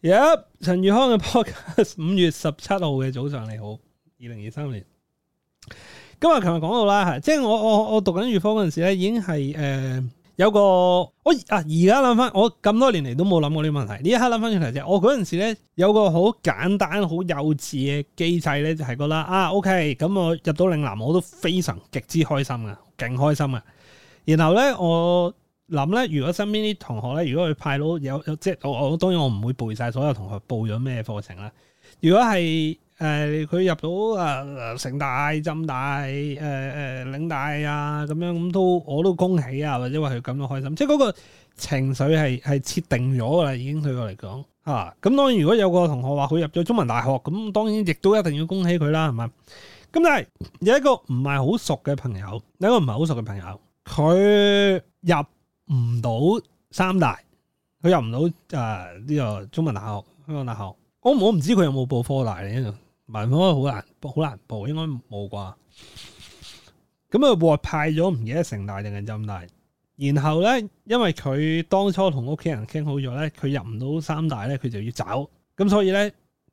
有陳宇康嘅 podcast 五月十七號嘅早上你好，二零二三年。今日琴日講到啦，即係我我我讀緊預科嗰陣時咧，已經係誒、呃、有個我啊而家諗翻，我咁多年嚟都冇諗過呢個問題。呢一刻諗翻呢個問題，即係我嗰陣時咧有個好簡單、好幼稚嘅機制咧，就係覺得啊 OK，咁我入到嶺南我都非常極之開心呀，勁開心呀。然後咧我。諗咧，如果身邊啲同學咧，如果佢派到有有，即係我我當然我唔會背晒所有同學報咗咩課程啦。如果係誒佢入到誒城大、浸大、誒誒嶺大啊咁樣，咁都我都恭喜啊，或者話佢感到開心。即係嗰個情緒係係設定咗噶啦，已經對我嚟講嚇。咁當然，如果有個同學話佢入咗中文大學，咁當然亦都一定要恭喜佢啦，係嘛？咁但係有一個唔係好熟嘅朋友，有一個唔係好熟嘅朋友，佢入唔到三大，佢入唔到啊，呢個中文大學、香港大學。我我唔知佢有冇報科大咧，文科好難好難報，應該冇啩。咁啊，獲派咗唔記得城大定係浸大。然後咧，因為佢當初同屋企人傾好咗咧，佢入唔到三大咧，佢就要走。咁所以咧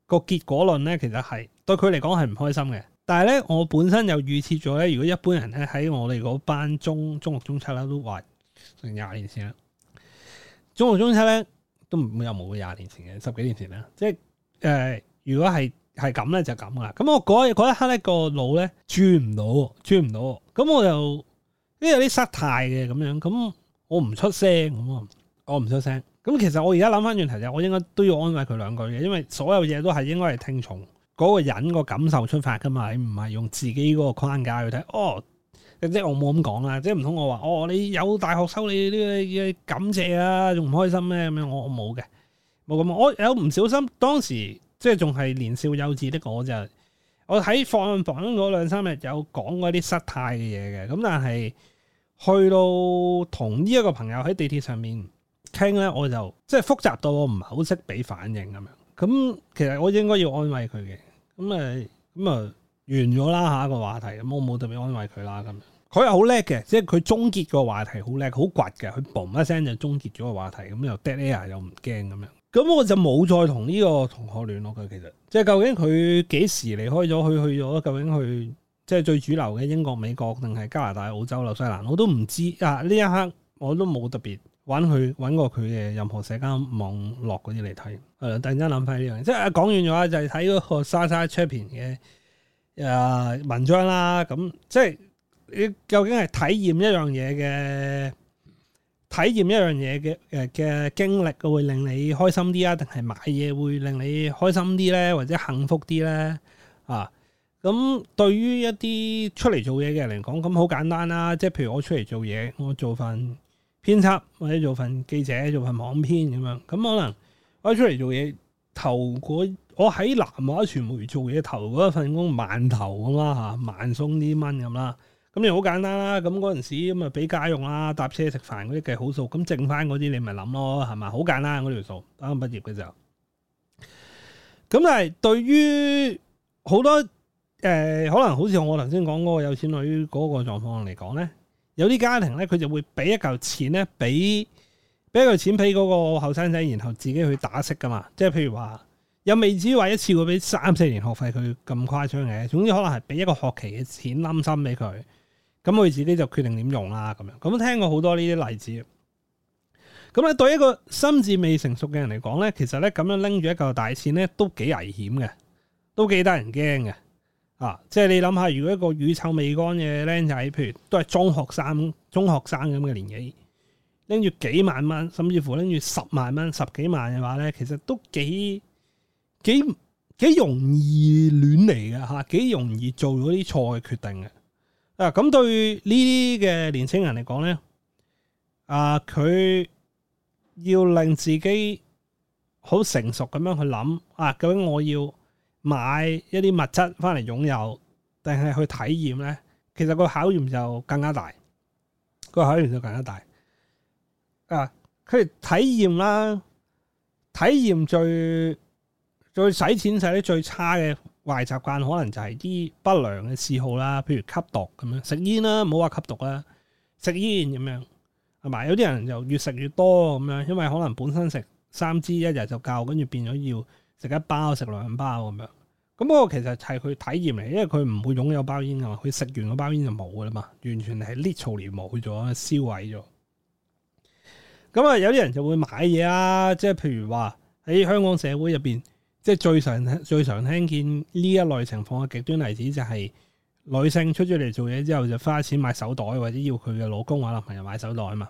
個結果論咧，其實係對佢嚟講係唔開心嘅。但係咧，我本身又預設咗咧，如果一般人咧喺我哋嗰班中中六、中七啦都話。成廿年前啦，中六中七咧都冇，有冇廿年前嘅，十幾年前啦，即係誒、呃，如果係係咁咧就咁噶啦。咁我嗰一刻咧、個腦咧轉唔到，轉唔到，咁我就因為有啲失態嘅咁樣，咁我唔出聲，咁我唔出聲。咁其實我而家諗翻轉頭就，我應該都要安慰佢兩句嘅，因為所有嘢都係應該係聽從嗰、個人個感受出發噶嘛，你唔係用自己嗰個框架去睇哦。即係我冇咁講啦，即係唔通我話哦，你有大學收你呢個嘅感謝啊，仲唔開心咩咁樣？我我冇嘅，冇咁。我有唔小心，當時即係仲係年少幼稚的我就，我喺放榜嗰兩三日有講過啲失態嘅嘢嘅，咁但係去到同呢一個朋友喺地鐵上面傾咧，我就即係複雜到我唔係好識俾反應咁樣。咁其實我應該要安慰佢嘅，咁誒，咁啊。完咗啦，下一個話題，咁我冇特別安慰佢啦。咁佢又好叻嘅，即係佢終結個話題好叻，好倔嘅，佢嘣一聲就終結咗個話題，咁又 dead air 啊，又唔驚咁樣。咁我就冇再同呢個同學聯絡佢。其實即係究竟佢幾時離開咗，佢去咗究竟去即係最主流嘅英國、美國定係加拿大、澳洲、紐西蘭，我都唔知啊。呢一刻我都冇特別揾佢揾過佢嘅任何社交網絡嗰啲嚟睇。誒、嗯，突然間諗翻起呢樣嘢，即係講完咗就係睇嗰個莎莎 Champion 嘅。誒，文章啦，咁即係你究竟係體驗一樣嘢嘅體驗一樣嘢嘅誒嘅經歷會令你開心啲啊？定係買嘢會令你開心啲咧，或者幸福啲咧？啊，咁對於一啲出嚟做嘢嘅人嚟講，咁好簡單啦。即係譬如我出嚟做嘢，我做份編輯或者做份記者，做份網編咁樣，咁可能我出嚟做嘢頭嗰～我喺南華傳媒做嘢頭嗰一份工，萬頭咁啦吓，萬鬆啲蚊咁啦。咁你好簡單啦。咁嗰陣時咁啊，俾家用啦，搭車食飯嗰啲計好數。咁剩翻嗰啲你咪諗咯，係咪好簡單嗰條數。啱畢業嘅時候，咁但係對於好多誒、呃，可能好似我頭先講嗰個有錢女嗰個狀況嚟講咧，有啲家庭咧，佢就會俾一嚿錢咧，俾俾一嚿錢俾嗰個後生仔，然後自己去打息噶嘛。即係譬如話。又未至於話一次過俾三四年學費佢咁誇張嘅，總之可能係俾一個學期嘅錢冧心俾佢，咁佢自己就決定點用啦咁樣。咁聽過好多呢啲例子，咁咧對一個心智未成熟嘅人嚟講咧，其實咧咁樣拎住一嚿大錢咧都幾危險嘅，都幾得人驚嘅。啊，即係你諗下，如果一個乳臭未乾嘅僆仔，譬如都係中學生、中學生咁嘅年紀，拎住幾萬蚊，甚至乎拎住十萬蚊、十幾萬嘅話咧，其實都幾～幾幾容易亂嚟嘅吓，幾容易做嗰啲錯嘅決定嘅。啊，咁對呢啲嘅年青人嚟講咧，啊佢要令自己好成熟咁樣去諗啊，究竟我要買一啲物質翻嚟擁有，定係去體驗咧？其實個考驗就更加大，個考驗就更加大。啊，佢哋體驗啦，體驗最～最使錢使啲最差嘅壞習慣，可能就係啲不良嘅嗜好啦，譬如吸毒咁樣，食煙啦，唔好話吸毒啦，食煙咁樣，係嘛？有啲人就越食越多咁樣，因為可能本身食三支一日就夠，跟住變咗要食一包、食兩包咁樣。咁不過其實係佢體驗嚟，因為佢唔會擁有包煙啊，佢食完嗰包煙就冇噶啦嘛，完全係匿槽年冇咗、燒毀咗。咁啊，有啲人就會買嘢啦，即係譬如話喺香港社會入邊。即係最常最常聽見呢一類情況嘅極端例子，就係女性出咗嚟做嘢之後，就花錢買手袋，或者要佢嘅老公或者男朋友買手袋啊嘛。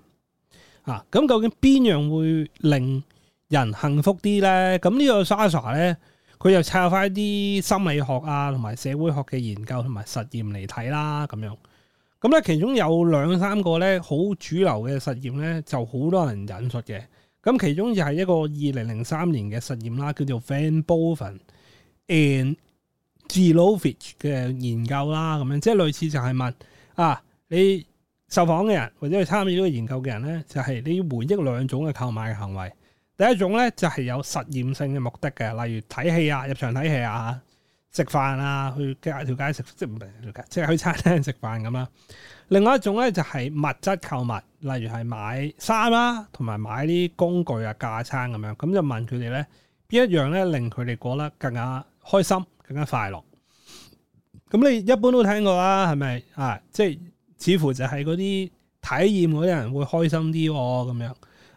啊，咁、嗯、究竟邊樣會令人幸福啲咧？咁、嗯這個、呢個 Sasha 咧，佢又抄翻一啲心理學啊同埋社會學嘅研究同埋實驗嚟睇啦，咁樣。咁、嗯、咧其中有兩三個咧好主流嘅實驗咧，就好多人引述嘅。咁其中就係一個二零零三年嘅實驗啦，叫做 Van Boven and Gilovich 嘅研究啦，咁樣即係類似就係問啊，你受訪嘅人或者係參與呢個研究嘅人咧，就係、是、你要回憶兩種嘅購買嘅行為，第一種咧就係有實驗性嘅目的嘅，例如睇戲啊、入場睇戲啊。食飯啊，去街條街食，即係唔係條街，即係去餐廳食飯咁啦。另外一種咧就係、是、物質購物，例如係買衫啦、啊，同埋買啲工具啊、架撐咁樣。咁、啊、就問佢哋咧，邊一樣咧令佢哋覺得更加開心、更加快樂？咁你一般都聽過啦、啊，係咪啊？即係似乎就係嗰啲體驗嗰啲人會開心啲咁樣，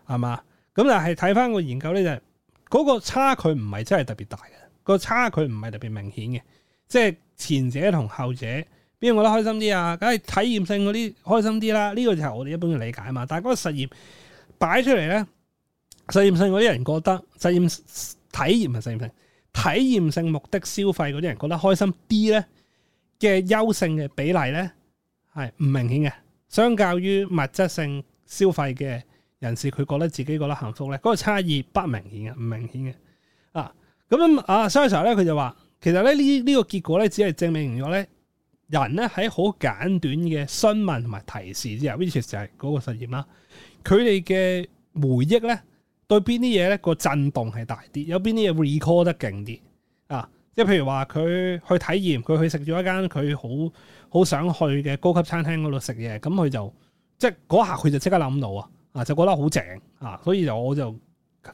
係嘛？咁但係睇翻個研究咧，就係、是、嗰個差距唔係真係特別大嘅。個差距唔係特別明顯嘅，即係前者同後者邊個覺得開心啲啊？梗係體驗性嗰啲開心啲啦。呢個就係我哋一般嘅理解嘛。但係嗰個實驗擺出嚟，咧，實驗性嗰啲人覺得實驗體驗係實驗性，體驗性目的消費嗰啲人覺得開心啲咧嘅優勝嘅比例咧係唔明顯嘅，相較於物質性消費嘅人士，佢覺得自己覺得幸福咧，嗰個差異不明顯嘅，唔明顯嘅。咁樣啊，所以時候咧，佢就話：其實咧，呢呢個結果咧，只係證明咗咧，人咧喺好簡短嘅詢問同埋提示之下，which is 就係嗰個實驗啦。佢哋嘅回憶咧，對邊啲嘢咧個震動係大啲，有邊啲嘢 recall 得勁啲啊？即係譬如話，佢去體驗，佢去食咗一間佢好好想去嘅高級餐廳嗰度食嘢，咁佢就即係嗰下佢就即刻諗到啊啊，就覺得好正啊，所以就我就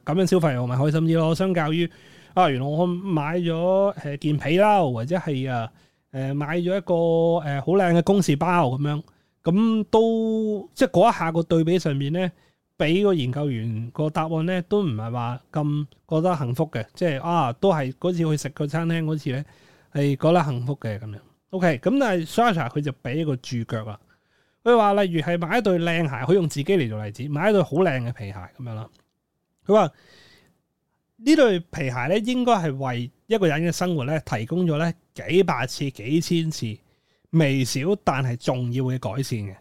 咁樣消費我咪開心啲咯，相較於。啊！原來我買咗誒件皮褸，或者係啊誒買咗一個誒好靚嘅公事包咁樣，咁都即係嗰一下個對比上面咧，俾個研究員個答案咧，都唔係話咁覺得幸福嘅，即係啊都係嗰次去食個餐廳嗰次咧係覺得幸福嘅咁樣。OK，咁但係 Sasha 佢就俾一個註腳啦。佢話例如係買一對靚鞋，佢用自己嚟做例子，買一對好靚嘅皮鞋咁樣啦。佢話。呢對皮鞋咧，應該係為一個人嘅生活咧提供咗咧幾百次、幾千次微小但係重要嘅改善嘅。誒、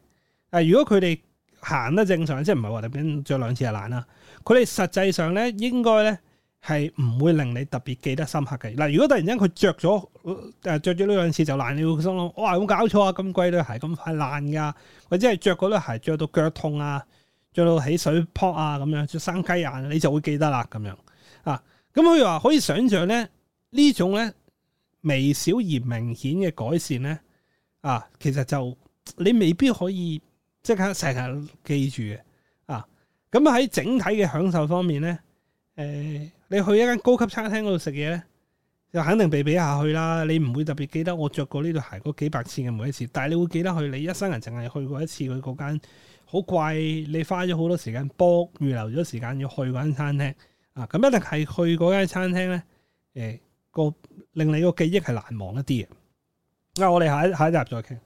呃，如果佢哋行得正常，即係唔係話特別着兩次就爛啦。佢哋實際上咧，應該咧係唔會令你特別記得深刻嘅。嗱、呃，如果突然間佢着咗誒着咗呢兩次就爛，你會心諗：我有冇搞錯啊！咁貴對鞋咁快爛噶？或者係着嗰對鞋着到腳痛啊，着到起水泡啊，咁樣着生雞眼，你就會記得啦，咁樣。啊，咁佢話可以想象咧，種呢種咧微小而明顯嘅改善咧，啊，其實就你未必可以即刻成日記住嘅，啊，咁喺整體嘅享受方面咧，呃，你去一間高級餐廳嗰度食嘢咧，就肯定被比下去啦。你唔會特別記得我着過呢對鞋嗰幾百次嘅每一次，但係你會記得佢，你一生人淨係去過一次佢嗰間好貴，你花咗好多時間 book 預留咗時間要去嗰間餐廳。啊，咁一定係去嗰間餐廳咧，呃，令你個記憶係難忘一啲嘅，啊。我哋下一下一集再傾。